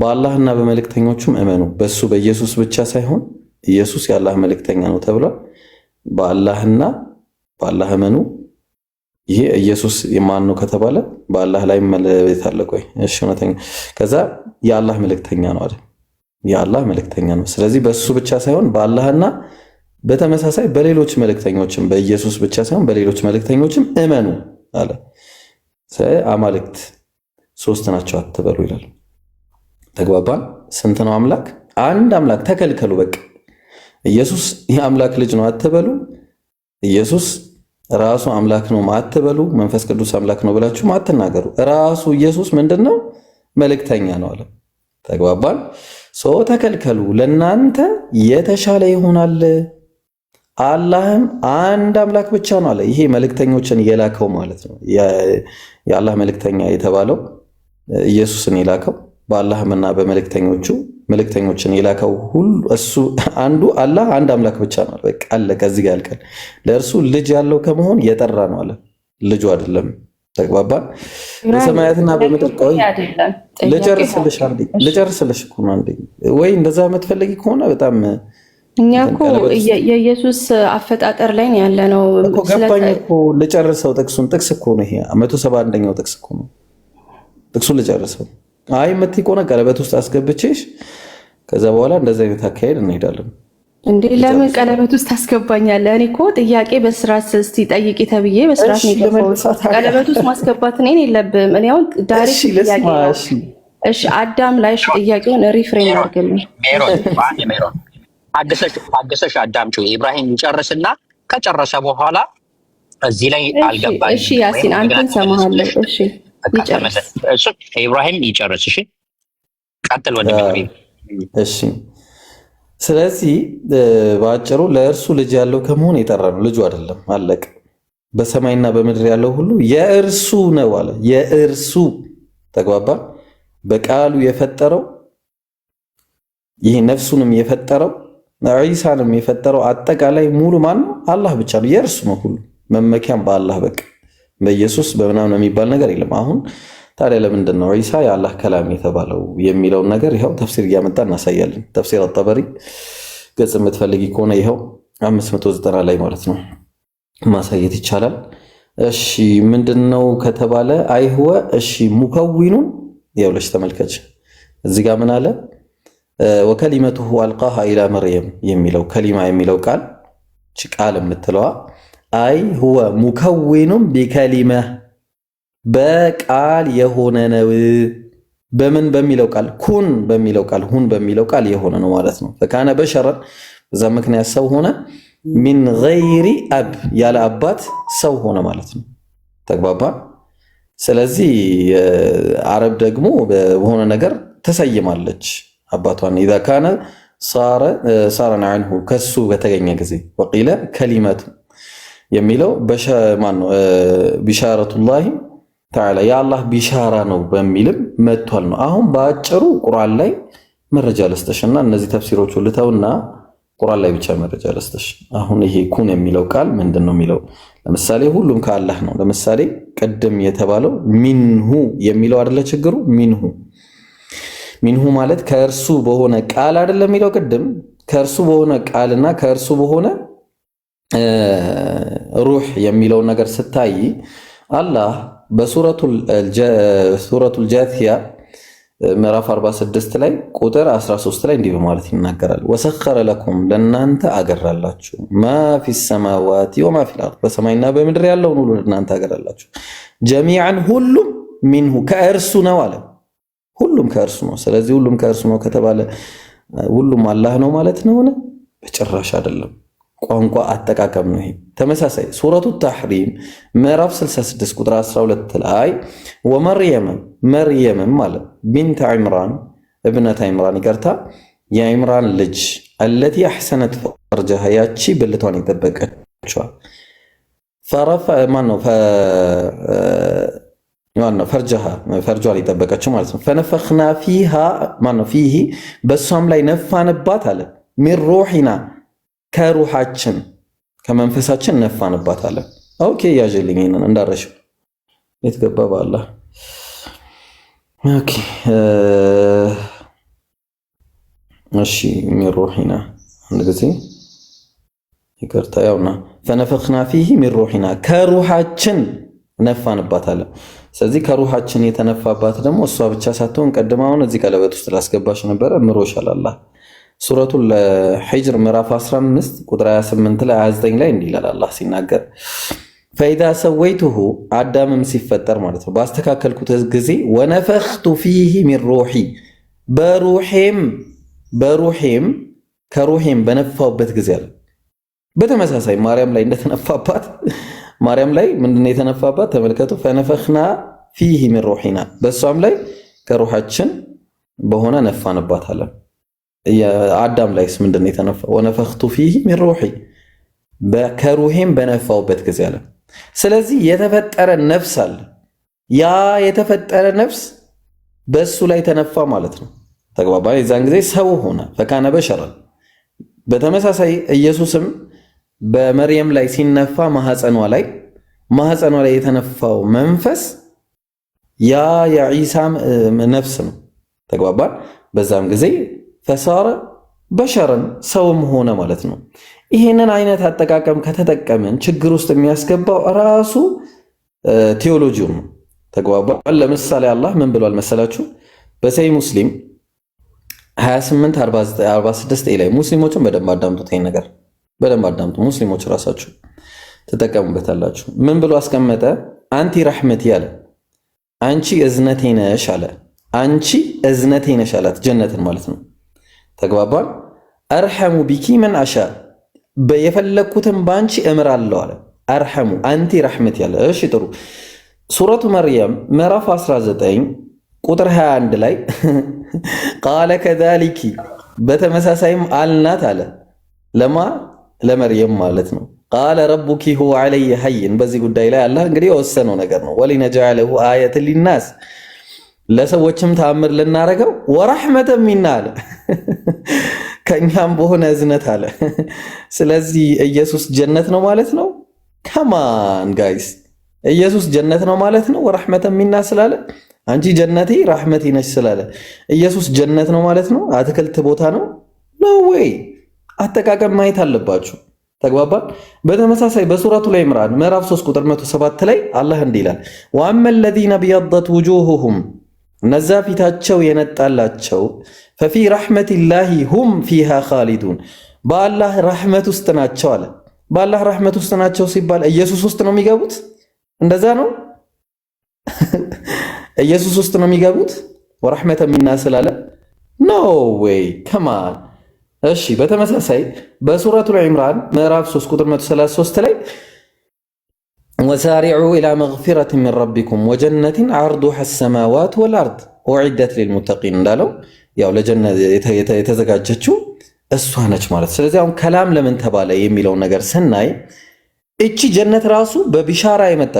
በአላህና በመልእክተኞቹም እመኑ፣ በሱ በኢየሱስ ብቻ ሳይሆን ኢየሱስ የአላህ መልእክተኛ ነው ተብሏል። በአላህና በአላህ እመኑ። ይሄ ኢየሱስ የማን ነው ከተባለ በአላህ ላይ መለየት አለ። ቆይ እሺ፣ እውነተኛ ከዛ የአላህ መልእክተኛ ነው አይደል? የአላህ መልእክተኛ ነው። ስለዚህ በሱ ብቻ ሳይሆን በአላህና በተመሳሳይ በሌሎች መልእክተኞችም በኢየሱስ ብቻ ሳይሆን በሌሎች መልእክተኞችም እመኑ አለ። አማልክት ሶስት ናቸው አትበሉ ይላል። ተግባባን። ስንት ነው አምላክ? አንድ አምላክ። ተከልከሉ በቃ። ኢየሱስ የአምላክ ልጅ ነው አትበሉ። ኢየሱስ ራሱ አምላክ ነው አትበሉ። መንፈስ ቅዱስ አምላክ ነው ብላችሁም አትናገሩ። ራሱ ኢየሱስ ምንድን ነው? መልእክተኛ ነው አለ። ተግባባን። ሰው ተከልከሉ። ለእናንተ የተሻለ ይሆናል። አላህም አንድ አምላክ ብቻ ነው አለ። ይሄ መልእክተኞችን የላከው ማለት ነው። የአላህ መልእክተኛ የተባለው ኢየሱስን የላከው በአላህምና በመልእክተኞቹ መልእክተኞችን የላከው ሁሉ እሱ አንዱ አላህ አንድ አምላክ ብቻ ነው። በቃ አለ። ከዚህ ጋር ያልቀን ለእርሱ ልጅ ያለው ከመሆን የጠራ ነው አለ። ልጁ አይደለም። ተግባባን። በሰማያትና በምድር ቆይ ልጨርስልሽ አንዴ፣ ልጨርስልሽ እኮ ነው አንዴ። ወይ እንደዛ የምትፈልጊ ከሆነ በጣም እኛ እኮ የኢየሱስ አፈጣጠር ላይ ያለ ነው። ገባኝ እኮ ልጨርሰው። ጥቅሱን ጥቅስ እኮ ነው ይሄ መቶ ሰባ አንደኛው ጥቅስ እኮ ነው። ጥቅሱን ልጨርሰው አይ የምትይ ከሆነ ቀለበት ውስጥ አስገብቼሽ ከዛ በኋላ እንደዚህ አይነት አካሄድ እንሄዳለን። እንዴ ለምን ቀለበት ውስጥ አስገባኛለህ? እኔ እኮ ጥያቄ በስርዓት እስቲ ጠይቂ ተብዬ በስርዓት ቀለበት ውስጥ ማስገባት እኔን የለብም። እኔ አሁን ዳይሬክት ጥያቄ እሺ፣ አዳም ላይ እሺ፣ ጥያቄውን ሪፍሬም አድርግልኝ። ሜሮን ሜሮን፣ ታገሰሽ፣ አዳም ጩ ኢብራሂም ይጨርስና ከጨረሰ በኋላ እዚህ ላይ አልገባኝ። እሺ ያሲን አንተን ሰማሃለሁ። እሺ እሱ ኢብራሂም ይጨርስ። እሺ ቀጥል እሺ ስለዚህ በአጭሩ ለእርሱ ልጅ ያለው ከመሆን የጠራ ነው። ልጁ አይደለም፣ አለቀ። በሰማይና በምድር ያለው ሁሉ የእርሱ ነው አለ። የእርሱ ተግባባ። በቃሉ የፈጠረው ይህ ነፍሱንም የፈጠረው ዒሳንም የፈጠረው አጠቃላይ ሙሉ ማን ነው? አላህ ብቻ ነው። የእርሱ ነው ሁሉ መመኪያም በአላህ በቃ በኢየሱስ በምናምን የሚባል ነገር የለም። አሁን ታዲያ ለምንድን ነው ዒሳ የአላህ ከላም የተባለው የሚለውን ነገር ይኸው ተፍሲር እያመጣ እናሳያለን። ተፍሲር አጠበሪ ገጽ የምትፈልጊ ከሆነ ይኸው 590 ላይ ማለት ነው ማሳየት ይቻላል። እሺ ምንድን ነው ከተባለ አይህወ እሺ ሙከዊኑን የውለች ተመልከች እዚህ ጋር ምን አለ? ወከሊመቱሁ አልቃሃ ኢላ መርየም የሚለው ከሊማ የሚለው ቃል ቃል የምትለዋ አይ ሁወ ሙከዊኑም ቢከሊመ በቃል የሆነ ነው። በምን በሚለው ቃል ኩን በሚለው ቃል ሁን በሚለው ቃል የሆነ ነው ማለት ነው። ፈካነ በሸረን በዛ ምክንያት ሰው ሆነ። ሚን ገይሪ አብ ያለ አባት ሰው ሆነ ማለት ነው። ተግባባ። ስለዚህ አረብ ደግሞ በሆነ ነገር ተሰይማለች አባቷን ኢዛ ካነ ሳረን አንሁ ከሱ በተገኘ ጊዜ ወቂለ ከሊመቱ የሚለው ማነው ቢሻረቱላሂ ተዓላ የአላህ ቢሻራ ነው በሚልም መጥቷል ነው። አሁን በአጭሩ ቁርአን ላይ መረጃ ለስተሽና እነዚህ ተፍሲሮቹ ልተውና ቁርአን ላይ ብቻ መረጃ ለስተሽ አሁን ይሄ ኩን የሚለው ቃል ምንድን ነው የሚለው ለምሳሌ ሁሉም ከአላህ ነው። ለምሳሌ ቅድም የተባለው ሚንሁ የሚለው አይደለ ችግሩ ሚንሁ ሚንሁ ማለት ከእርሱ በሆነ ቃል አይደለ የሚለው ቅድም ከእርሱ በሆነ ቃልና ከእርሱ በሆነ ሩህ የሚለውን ነገር ስታይ አላህ በሱረቱል ጃቲያ ምዕራፍ 46 ላይ ቁጥር 13 ላይ እንዲህ በማለት ይናገራል። ወሰኸረ ለኩም ለእናንተ አገራላችሁ ማ ፊ ሰማዋቲ ወማ ፊል አርድ በሰማይና በምድር ያለውን ሁሉ ለእናንተ አገራላችሁ። ጀሚዓን ሁሉም ሚንሁ ከእርሱ ነው አለ። ሁሉም ከእርሱ ነው። ስለዚህ ሁሉም ከእርሱ ነው ከተባለ ሁሉም አላህ ነው ማለት ነው? በጭራሽ አይደለም። ቋንቋ አጠቃቀም ነው። ተመሳሳይ ሱረቱ ታሕሪም ምዕራፍ 66 ቁጥር 12 ላይ ወመርየም መርየምም ማለት ቢንት ዕምራን እብነት ዕምራን ይቀርታ የዕምራን ልጅ አለቲ አሕሰነት ፈርጀሃ ያቺ ብልቷን የጠበቀችዋል ፈርጇን የጠበቀችው ማለት ነው። ፈነፈኽና ፊሃ ፊሂ በእሷም ላይ ነፋንባት አለ ሚን ሩሒና ከሩሃችን ከመንፈሳችን ነፋንባታለን። ኦኬ ያዥልኝ ይሄንን እንዳረሽ የት ገባ ባላ። እሺ፣ ሚን አንድ ጊዜ ይቅርታ፣ ያውና ፈነፈክና ፊህ ሚን ከሩሃችን ነፋንባታለን። ስለዚህ ከሩሃችን የተነፋባት ደግሞ እሷ ብቻ ሳትሆን ቀድማውን እዚህ ቀለበት ውስጥ ላስገባሽ ነበረ ምሮሻል አላህ ሱረቱን ለሕጅር ምዕራፍ 15 ቁጥር 28 ላይ 29 ላይ እንዲህ ይላል አላህ ሲናገር ፈኢዛ ሰወይትሁ አዳምም ሲፈጠር ማለት ነው ባስተካከልኩት ጊዜ ወነፈኽቱ ፊህ ሚን ሩሒ በሩሄም ከሩሄም በነፋውበት ጊዜ አለ። በተመሳሳይ ማርያም ላይ እንደተነፋባት ማርያም ላይ ምንድነው የተነፋባት? ተመልከቱ ፈነፈኽና ፊህ ሚን ሩሒና በእሷም ላይ ከሩሓችን በሆነ ነፋንባታለን። አዳም ላይስ ምንድን ነው የተነፋው? ወነፈኽቱ ፊህ ሚን ሩሒ ከሩሄም በነፋውበት ጊዜ አለ። ስለዚህ የተፈጠረ ነፍስ አለ። ያ የተፈጠረ ነፍስ በእሱ ላይ ተነፋ ማለት ነው። ተግባባ። የዛን ጊዜ ሰው ሆነ፣ ፈካነ በሸራል። በተመሳሳይ ኢየሱስም በመርየም ላይ ሲነፋ ማህፀኗ ላይ ማህፀኗ ላይ የተነፋው መንፈስ ያ የዒሳ ነፍስ ነው። ተግባባ። በዛም ጊዜ ፈሳረ በሸርን ሰውም ሆነ ማለት ነው። ይህንን አይነት አጠቃቀም ከተጠቀምን ችግር ውስጥ የሚያስገባው ራሱ ቴዎሎጂው ነው። ተግባባል። ለምሳሌ አላህ ምን ብሏል መሰላችሁ? በሰይ ሙስሊም 2846 ላይ ሙስሊሞችን በደንብ አዳምጡት። ይሄን ነገር በደንብ አዳምጡ። ሙስሊሞች ራሳችሁ ትጠቀሙበታላችሁ። ምን ብሎ አስቀመጠ? አንቲ ረሕመቲ አለ። አንቺ እዝነቴ ነሽ አለ። አንቺ እዝነቴ ነሽ አላት፣ ጀነትን ማለት ነው ተግባባን። አርሐሙ ቢኪ መን አሻ የፈለግኩትን በአንቺ እምራለሁ አለ። አርሐሙ አንቲ ረሕመት ያለ እሺ፣ ጥሩ ሱረቱ መርያም ምዕራፍ 19 ቁጥር 21 ላይ ቃለ ከዛሊኪ በተመሳሳይም አልናት አለ። ለማ ለመርየም ማለት ነው። ቃለ ረቡኪ ሁወ ዐለይ ሀይን በዚህ ጉዳይ ላይ አላህ እንግዲህ የወሰነው ነገር ነው። ወሊነጃለሁ አየትን ሊናስ ለሰዎችም ተአምር ልናረገው ወራህመተ ሚና አለ ከእኛም በሆነ እዝነት አለ። ስለዚህ ኢየሱስ ጀነት ነው ማለት ነው። ከማን ጋይስ ኢየሱስ ጀነት ነው ማለት ነው። ወራህመተ ሚና ስላለ አንቺ ጀነቴ ራህመቴ ነች ስላለ ኢየሱስ ጀነት ነው ማለት ነው። አትክልት ቦታ ነው ነው ወይ አጠቃቀም ማየት አለባችሁ። ተግባባል። በተመሳሳይ በሱረቱ ላይ ኢምራን ምዕራፍ 3 ቁጥር 107 ላይ አላህ እንዲህ ይላል ወአመ ለዚነ ብየደት ውጁሁሁም እነዛ ፊታቸው የነጣላቸው ፈፊ ረሕመቲላሂ ሁም ፊሃ ኻሊዱን በአላህ ረሕመት ውስጥ ናቸው አለ። በአላህ ረሕመት ውስጥ ናቸው ሲባል ኢየሱስ ውስጥ ነው የሚገቡት? እንደዛ ነው ኢየሱስ ውስጥ ነው የሚገቡት? ወረሕመተ ሚና ስላለ ኖ ወይ ከማን። እሺ በተመሳሳይ በሱረቱል ዒምራን ምዕራፍ 3 ቁጥር 133 ላይ ወሳሪዑ ኢላ መግፊረትን ሚን ረቢኩም ወጀነትን ዓርዱሃ ሰማዋት ወልአርድ ወዒደት ሊልሙተቂን እንዳለው ያው ለጀነት የተዘጋጀችው እሷ ነች ማለት። ስለዚህ አሁን ከላም ለምን ተባለ የሚለውን ነገር ስናይ እቺ ጀነት ራሱ በቢሻራ የመጣ